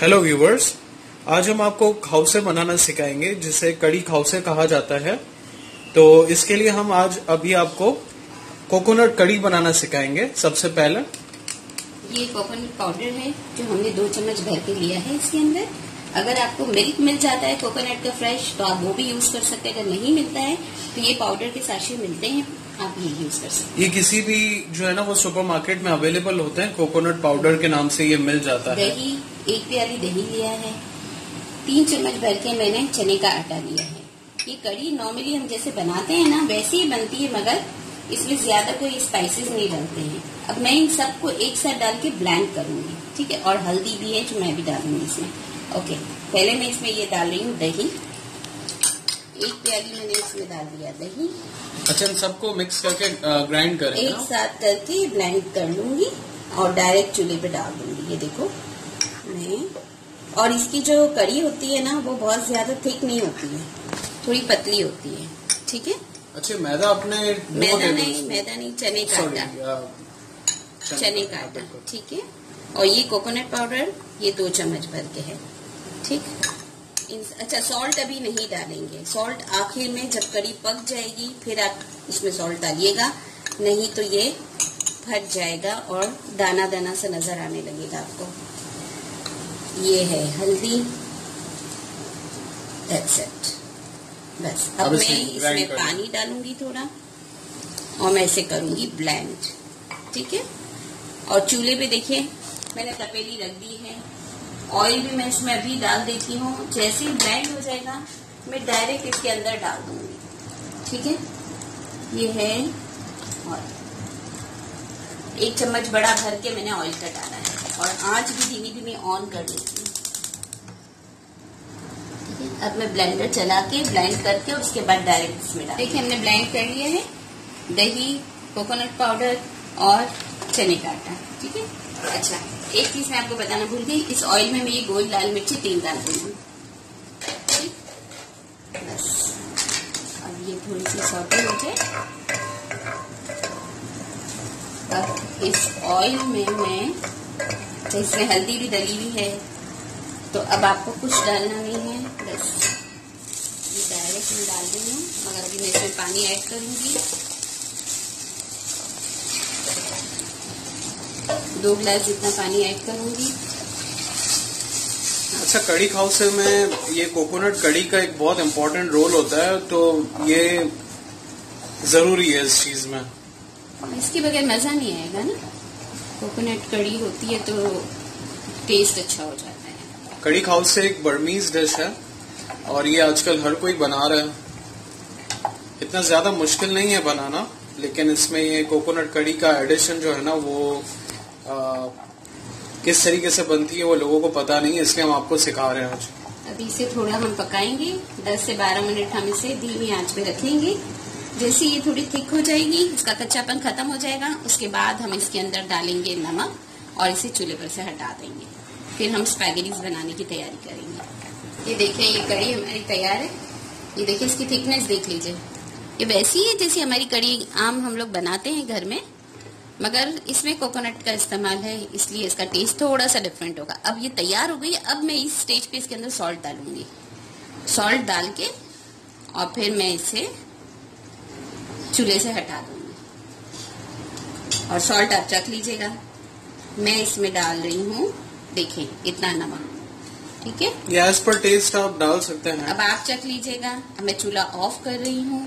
Hello viewers आज हम आपको खाउसे बनाना सिखाएंगे जिसे कड़ी खाउसे कहा जाता है तो इसके लिए हम आज अभी आपको कोकोनट कड़ी बनाना सिखाएंगे सबसे पहले ये कोकोनट पाउडर है जो हमने दो चम्मच भर के लिया है इसके अंदर अगर आपको मिल्क मिल जाता है कोकोनट का फ्रेश तो आप वो भी यूज कर सकते हैं अगर नहीं मिलता है तो ये पाउडर के साथ मिलते हैं आप ये यूज कर सकते ये किसी भी जो है ना वो सुपरमार्केट में अवेलेबल होते हैं कोकोनट पाउडर के नाम से ये मिल जाता है दही एक प्याली दही लिया है तीन चम्मच भर के मैंने चने का आटा लिया है ये कड़ी नॉर्मली हम जैसे बनाते हैं ना वैसे ही बनती है मगर इसमें ज्यादा कोई स्पाइसेस नहीं डालते हैं अब मैं इन सबको एक साथ डाल के ब्लैंड करूंगी ठीक है और हल्दी भी है जो मैं भी डालूंगी इसमें ओके पहले मैं इसमें ये डाल रही हूँ दही एक प्याली मैंने इसमें डाल दिया दही अच्छा सबको मिक्स करके ग्राइंड करें एक ना? साथ करके ग्राइंड कर लूंगी और डायरेक्ट चूल्हे पे डाल दूंगी ये देखो मैं और इसकी जो कड़ी होती है ना वो बहुत ज्यादा थिक नहीं होती है थोड़ी पतली होती है ठीक है अच्छा मैदा अपने मैदा नहीं मैदा नहीं चने का आटा चने का हाँ, आटा ठीक है और ये कोकोनट पाउडर ये दो चम्मच भर के है ठीक अच्छा सॉल्ट अभी नहीं डालेंगे सॉल्ट आखिर में जब कड़ी पक जाएगी फिर आप इसमें सॉल्ट डालिएगा नहीं तो ये फट जाएगा और दाना दाना सा नजर आने लगेगा आपको ये है हल्दी दैट्स इट बस अब मैं इसमें पानी डालूंगी थोड़ा और मैं इसे करूंगी ब्लेंड ठीक है और चूल्हे पे देखिए मैंने तपेली रख दी है ऑयल भी मैं इसमें अभी डाल देती हूँ जैसे ही ब्लाइंड हो जाएगा मैं डायरेक्ट इसके अंदर डाल दूंगी ठीक है ये है और एक चम्मच बड़ा भर के मैंने ऑयल का डाला है और आंच भी धीमी धीमी ऑन कर देती हूँ अब मैं ब्लेंडर चला के ब्लाइंड करके उसके बाद डायरेक्ट इसमें डाल देखिए हमने ब्लाइंड कर लिया है दही कोकोनट पाउडर और चने का आटा ठीक है अच्छा एक चीज मैं आपको बताना भूल गई इस ऑयल में मैं ये गोल लाल मिर्ची तीन डाल दूंगी बस अब ये थोड़ी सी सौटे हो जाए अब इस ऑयल में मैं इसमें हल्दी भी डली हुई है तो अब आपको कुछ डालना नहीं है बस ये डायरेक्ट मैं डाल दूंगी हूँ मगर अभी मैं इसमें पानी ऐड करूंगी दो गिलास जितना पानी ऐड करूंगी अच्छा कड़ी से में ये कोकोनट कड़ी का एक बहुत इम्पोर्टेंट रोल होता है तो ये जरूरी है इस चीज में इसके बगैर मजा नहीं आएगा ना कोकोनट कड़ी होती है तो टेस्ट अच्छा हो जाता है कड़ी खाओ से एक बर्मीज डिश है और ये आजकल हर कोई बना रहा है इतना ज्यादा मुश्किल नहीं है बनाना लेकिन इसमें ये कोकोनट कड़ी का एडिशन जो है ना वो किस तरीके से बनती है वो लोगों को पता नहीं है इसलिए हम आपको सिखा रहे हैं आज अभी इसे थोड़ा हम पकाएंगे 10 से 12 मिनट हम इसे धीमी आंच पे रखेंगे जैसे ये थोड़ी थिक हो जाएगी इसका कच्चापन खत्म हो जाएगा उसके बाद हम इसके अंदर डालेंगे नमक और इसे चूल्हे पर से हटा देंगे फिर हम स्पैगेटीज बनाने की तैयारी करेंगे ये देखिए ये कड़ी हमारी तैयार है ये देखिए इसकी थिकनेस देख लीजिए ये वैसी है जैसी हमारी कड़ी आम हम लोग बनाते हैं घर में मगर इसमें कोकोनट का इस्तेमाल है इसलिए इसका टेस्ट थोड़ा सा डिफरेंट होगा अब ये तैयार हो गई अब मैं इस स्टेज पे इसके अंदर सॉल्ट डालूंगी सॉल्ट डाल के और फिर मैं इसे चूल्हे से हटा दूंगी और सॉल्ट आप चख लीजिएगा मैं इसमें डाल रही हूँ देखें इतना नमक ठीक है गैस पर टेस्ट आप डाल सकते हैं अब आप चख लीजिएगा मैं चूल्हा ऑफ कर रही हूँ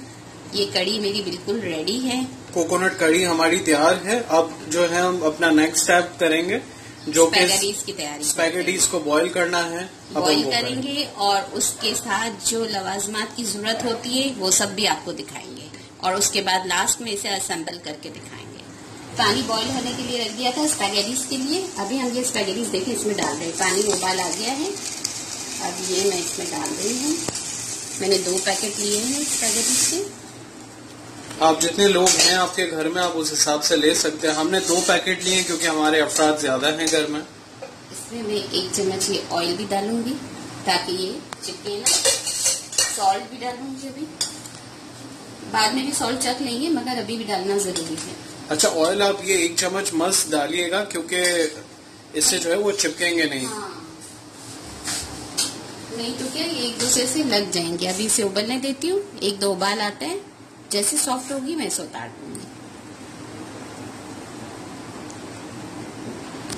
ये कड़ी मेरी बिल्कुल रेडी है कोकोनट कड़ी हमारी तैयार है अब जो है हम अपना नेक्स्ट स्टेप करेंगे जो की तैयारी स्पैगेटीज को बॉईल करना है बॉईल करेंगे और उसके साथ जो लवाजमात की जरूरत होती है वो सब भी आपको दिखाएंगे और उसके बाद लास्ट में इसे असेंबल करके दिखाएंगे पानी बॉईल होने के लिए रख दिया था स्पैगेटीज के लिए अभी हम ये स्पैगेटीज देखे इसमें डाल रहे हैं पानी उबाल आ गया है अब ये मैं इसमें डाल रही हूँ मैंने दो पैकेट लिए हैं स्पैगेटीज के आप जितने लोग हैं आपके घर में आप उस हिसाब से ले सकते हैं हमने दो पैकेट लिए क्योंकि हमारे अफराद ज्यादा हैं घर में इसमें मैं एक चम्मच ये ऑयल भी डालूंगी ताकि ये चिपके ना सॉल्ट भी डालूंगी अभी बाद में भी सॉल्ट चख लेंगे मगर अभी भी डालना जरूरी है अच्छा ऑयल आप ये एक चम्मच मस्त डालिएगा क्योंकि इससे जो है वो चिपकेंगे नहीं हाँ। नहीं तो क्या एक दूसरे से लग जाएंगे अभी इसे उबलने देती हूँ एक दो उबाल आते हैं जैसे सॉफ्ट होगी मैं इसे उतार दूंगी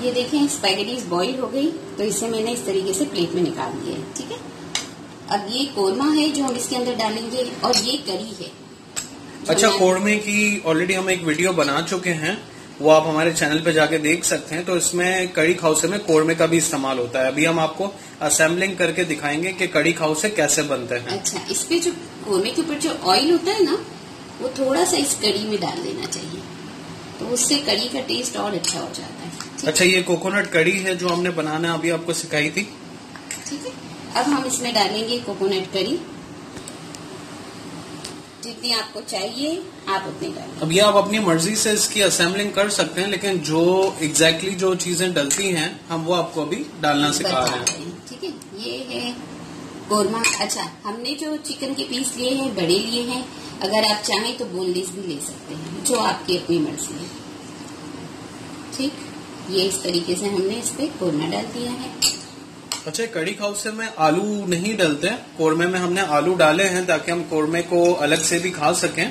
ये देखें स्पैगेटी बॉईल हो गई तो इसे मैंने इस तरीके से प्लेट में निकाल दिया है ठीक है अब ये कोरमा है जो हम इसके अंदर डालेंगे और ये करी है अच्छा तो कोरमे की ऑलरेडी हम एक वीडियो बना चुके हैं वो आप हमारे चैनल पे जाके देख सकते हैं तो इसमें कड़ी खाउसे में कोरमे का भी इस्तेमाल होता है अभी हम आपको असेंबलिंग करके दिखाएंगे कि कड़ी से कैसे बनते हैं अच्छा इस पे जो कोरमे के ऊपर जो ऑयल होता है ना वो थोड़ा सा इस कड़ी में डाल देना चाहिए तो उससे कड़ी का टेस्ट और अच्छा हो जाता है अच्छा ये कोकोनट कड़ी है जो हमने बनाना अभी आपको सिखाई थी ठीक है अब हम इसमें डालेंगे कोकोनट कड़ी जितनी आपको चाहिए आप उतनी डालें अब ये आप अपनी मर्जी से इसकी असेंबलिंग कर सकते हैं लेकिन जो एग्जैक्टली exactly जो चीजें डलती हैं हम वो आपको अभी डालना सिखा रहे हैं ठीक है ये है कोरमा अच्छा हमने जो चिकन के पीस लिए हैं बड़े लिए हैं अगर आप चाहें तो बोनलेस भी ले सकते हैं जो आपकी अपनी मर्जी है ठीक ये इस तरीके से हमने इस पर कोरमा डाल दिया है अच्छा कड़ी खाउसे में आलू नहीं डालते कोरमे में हमने आलू डाले हैं ताकि हम कोरमे को अलग से भी खा सकें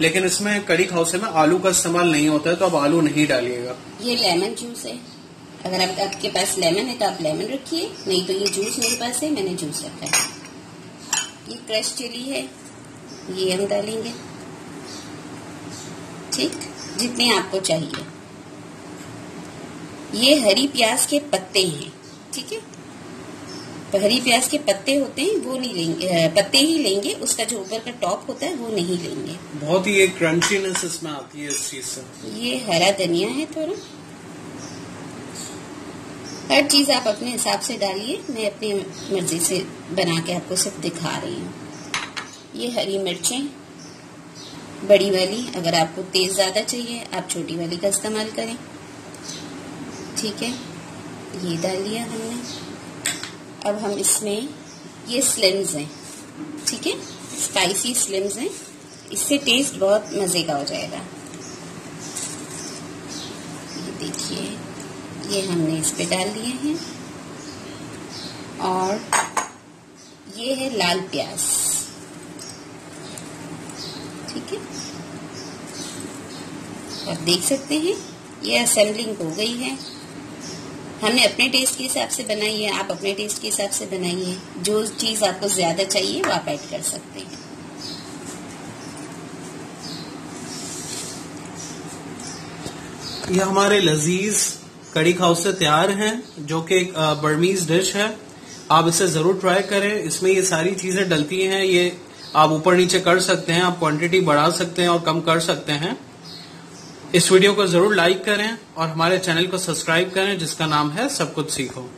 लेकिन इसमें कड़ी खाउसे में आलू का इस्तेमाल नहीं होता है तो आप आलू नहीं डालिएगा ये लेमन जूस है अगर आप, आपके पास लेमन है तो आप लेमन रखिए नहीं तो ये जूस मेरे पास है मैंने जूस रखा है ये क्रश चिली है ये हम डालेंगे ठीक जितने आपको चाहिए ये हरी प्याज के पत्ते हैं ठीक है हरी प्याज के पत्ते होते हैं वो नहीं लेंगे पत्ते ही लेंगे उसका जो ऊपर का टॉप होता है वो नहीं लेंगे बहुत ही एक क्रंचीनेस इसमें आती है इस चीज से ये हरा धनिया है थोड़ा हर चीज आप अपने हिसाब से डालिए मैं अपनी मर्जी से बना के आपको सिर्फ दिखा रही हूँ ये हरी मिर्चें बड़ी वाली अगर आपको तेज़ ज़्यादा चाहिए आप छोटी वाली का इस्तेमाल करें ठीक है ये डाल लिया हमने अब हम इसमें ये स्लिम्स हैं ठीक है स्पाइसी स्लिम्स हैं इससे टेस्ट बहुत मज़े का हो जाएगा ये देखिए ये हमने इस पे डाल दिए हैं और ये है लाल प्याज ठीक है आप देख सकते हैं ये असेंबलिंग हो गई है हमने अपने टेस्ट के हिसाब से बनाई है आप अपने टेस्ट के हिसाब से बनाइए जो चीज़ आपको ज़्यादा चाहिए वो आप ऐड कर सकते हैं ये हमारे लजीज कड़ी खाउस से तैयार हैं जो कि एक बर्मीज डिश है आप इसे ज़रूर ट्राई करें इसमें ये सारी चीज़ें डलती हैं ये आप ऊपर नीचे कर सकते हैं आप क्वांटिटी बढ़ा सकते हैं और कम कर सकते हैं इस वीडियो को जरूर लाइक करें और हमारे चैनल को सब्सक्राइब करें जिसका नाम है सब कुछ सीखो